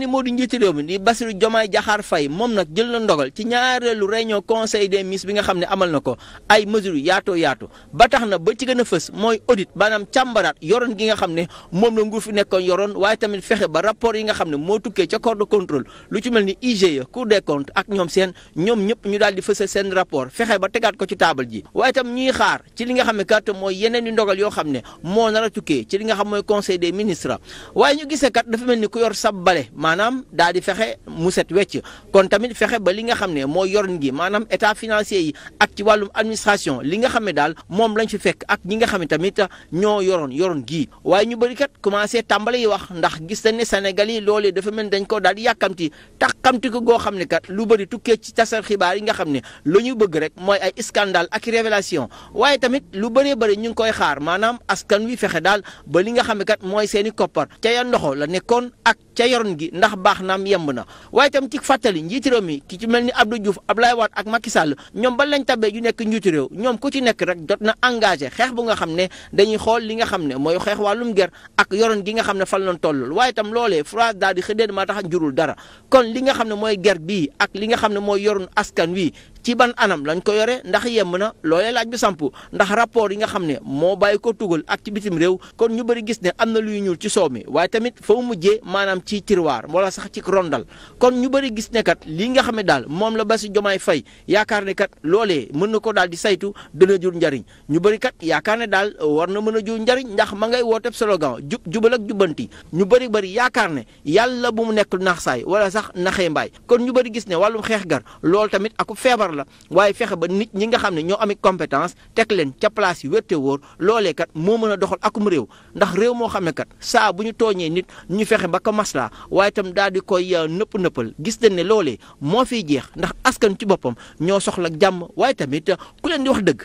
ni moo di njiiti réew mi di Bassirou Diomaye Diakhar Faye moom nag jël na ndogal ci ñaareelu réunion conseil des ministres bi nga xam ne amal na ko ay mesures yaatoo yaatu ba tax na ba ci gën a fës mooy audit maanaam càmbaraat yoroon gi nga xam ne moom na nguur fi nekkoon yoroon waaye tamit fexe ba rapport yi nga xam ne moo tukkee ca corps de contrôle lu ci mel ni IGE Cour des comptes ak ñoom seen ñoom ñëpp ñu daal di fësal seen rapport fexe ba tegaat ko ci taabal ji waaye tam ñuy xaar ci li nga xam ne kat mooy yeneen i ndogal yoo xam ne moo nar a tukkee ci li nga xam mooy conseil des ministres waaye ñu gisee maanaam daal di fexe mu set wecc kon tamit fexe ba li nga xam ne mooy yorin gi maanaam état financier yi ak ci wàllum administration li nga xam ne daal moom lañ fi fekk ak ñi nga xam ne tamit ñoo yoroon yoroon gii waaye ñu bëri kat commencé tàmbali yi wax ndax gis nañ ne Sénégal yi loolee dafa mel dañ ko daal di yàkkamti taxamti ko goo xam ne kat lu bëri tukkee ci tasar xibaar yi nga xam ne la ñu bëgg rek mooy ay scandale ak révélation waaye tamit lu bëree bëri ñu ngi koy xaar maanaam askan wi fexe daal ba li nga xam ne kat mooy seen i koppar ca ya ndoxo ca yoron gi ndax baax naam yemb na waaye itam ci fàttali njiitu réew mi ki ci mel ni Abdou Diouf Abdoulaye Wade ak Macky Sall ñoom ba lañ tabee ju nekk njiitu réew ñoom ku ci nekk rek dot na engagé xeex bu nga xam ne dañuy xool li nga xam ne mooy xeex wàllum ger ak yoron gi nga xam ne fan lañ toll waaye tam loolee France daal di xëddeen maa tax jurul dara kon li nga xam ne mooy ger bii ak li nga xam ne mooy yoron askan wi ci ban anam lañ ko yore ndax yem na loolee laaj bi samp ndax rapport yi nga xam ne moo bàyyi ko tugal ak ci bitim réew kon ñu bëri gis ne am na luy ñuul ci soow mi waaye tamit foo mu mujjee maanaam ci tiroir wala sax ci rondal kon ñu bëri gis ne kat lii nga xam ne daal moom la ba si Diomaye Faye yaakaar ne kat loolee mën na ko daal di saytu dana jur njariñ ñu bëri kat yaakaar ne daal war na mën a jur njariñ ndax ma ngay wooteeb slogan jub jubal ak jubbanti ñu bëri bëri yaakaar ne yàlla bu mu nekk naax saay wala sax naxee mbaay kon ñu bëri gis ne wàllum xeex gar loolu tamit ak yor la waaye fexe ba nit ñi nga xam ne ñoo amee compétence teg leen ca place yu wér te wóor loolee kat moo mën a doxal mu réew ndax réew moo xam ne kat saa bu ñu tooñee nit ñu fexe ba ko maslaa waaye itam daal di koy euh, nëpp nëppal gis nañ ne loolee moo fiy jeex ndax askan ci boppam ñoo soxla jàmm waaye tamit ku leen di wax dëgg.